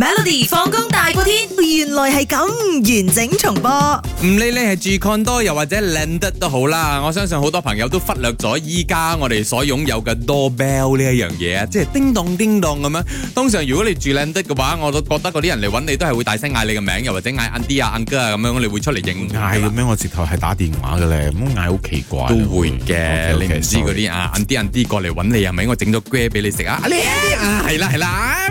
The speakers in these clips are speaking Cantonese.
Melody 放工大過天，原來係咁完整重播。唔理你係住 condo 又或者 landed 都好啦，我相信好多朋友都忽略咗依家我哋所擁有嘅 doorbell 呢一樣嘢啊，即係叮當叮當咁樣。通常如果你住 landed 嘅話，我都覺得嗰啲人嚟揾你都係會大聲嗌你嘅名，又或者嗌 Andy 啊 Angela 咁樣，你會出嚟應嗌嘅咩？我直頭係打電話嘅咧，咁嗌好奇怪。都會嘅，你唔知嗰啲啊 Andy Andy 過嚟揾你啊，咪我整咗 grab 俾你食啊，係啦係啦。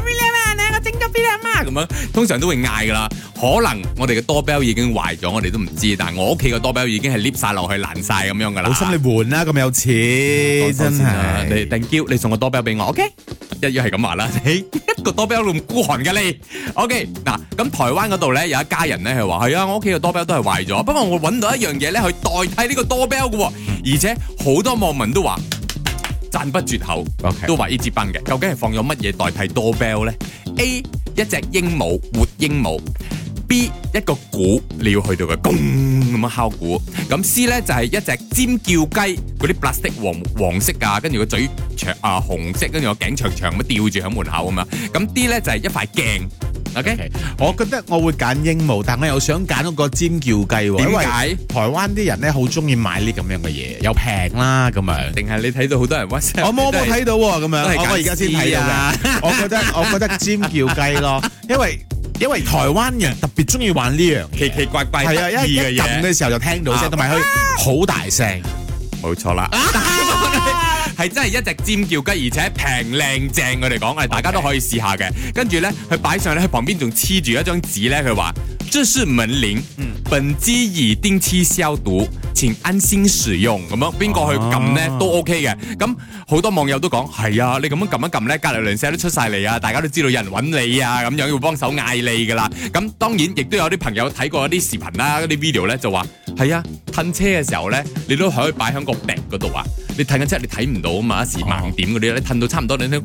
阿媽咁樣，通常都會嗌噶啦。可能我哋嘅 doorbell 已經壞咗，我哋都唔知。但係我屋企嘅 doorbell 已經係 lift 曬落去爛晒咁樣噶啦。好心你換啦，咁有錢真係。你 thank you，你送個 doorbell 俾我，OK？一於係咁話啦，你一個 doorbell 咁孤寒噶你，OK？嗱，咁台灣嗰度咧有一家人咧，係話係啊，我屋企嘅 doorbell 都係壞咗，不過我搵到一樣嘢咧去代替呢個 doorbell 噶，而且好多網民都話讚不絕口，都話呢支棒嘅。究竟係放咗乜嘢代替 doorbell 咧？A 一隻鸚鵡，活鸚鵡。B 一個鼓，你要去到嘅公咁樣敲鼓。咁 C 咧就係、是、一隻尖叫雞，嗰啲白色黃黃色噶，跟住個嘴長啊紅色，跟住個頸長長咁吊住喺門口啊嘛。咁 D 咧就係、是、一塊鏡。O K，我覺得我會揀鸚鵡，但我又想揀嗰個尖叫雞喎。點解？台灣啲人咧好中意買呢咁樣嘅嘢，又平啦咁樣。定係你睇到好多人 WhatsApp？我冇冇睇到喎，咁樣。我而家先睇到㗎。我覺得我覺得尖叫雞咯，因為因為台灣人特別中意玩呢樣奇奇怪怪、得意嘅嘢。係啊，一撳嘅時候就聽到聲，同埋佢好大聲。冇錯啦。係真係一隻尖叫雞，而且平靚正，我哋講，誒，大家都可以試下嘅。Okay. 跟住咧，佢擺上去喺旁邊仲黐住一張紙咧，佢話 Okay. 這是門鈴，嗯、本機已定期消毒，請安心使用。咁樣邊個去撳咧都 OK 嘅。咁、嗯、好多網友都講係啊,啊，你咁樣撳一撳咧，隔籬鄰舍都出晒嚟啊，大家都知道有人揾你啊，咁樣要幫手嗌你噶啦。咁、嗯、當然亦都有啲朋友睇過一啲視頻啦，啲 video 咧就話係啊，停、啊啊、車嘅時候咧，你都可以擺喺個壁嗰度啊。你睇緊車，你睇唔到啊嘛，一時盲點嗰啲咧，褪到差唔多你都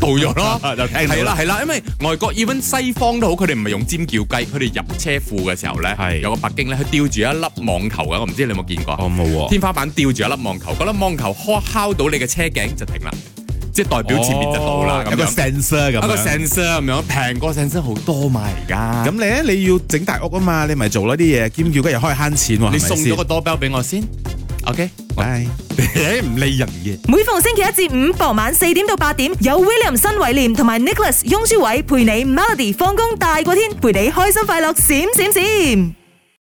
到咗咯，就聽到。係啦係啦，因為外國，even 西方都好，佢哋唔係用尖叫雞，佢哋入車庫嘅時候咧，係有個白鈴咧，佢吊住一粒網球噶，我唔知你有冇見過？冇天花板吊住一粒網球，嗰粒網球敲到你嘅車頸就停啦，即係代表前面就到啦。一個 sensor 咁樣，一個 sensor 咁樣，平過 sensor 好多嘛，而家。咁你咧，你要整大屋啊嘛，你咪做咯啲嘢，尖叫雞又可以慳錢喎。你送咗個多表俾我先。OK, bye。誒唔理人嘅。每逢星期一至五傍晚四點到八點，有 William 新偉廉同埋 Nicholas 翁舒偉陪你 Melody 放工大過天，陪你開心快樂閃閃閃。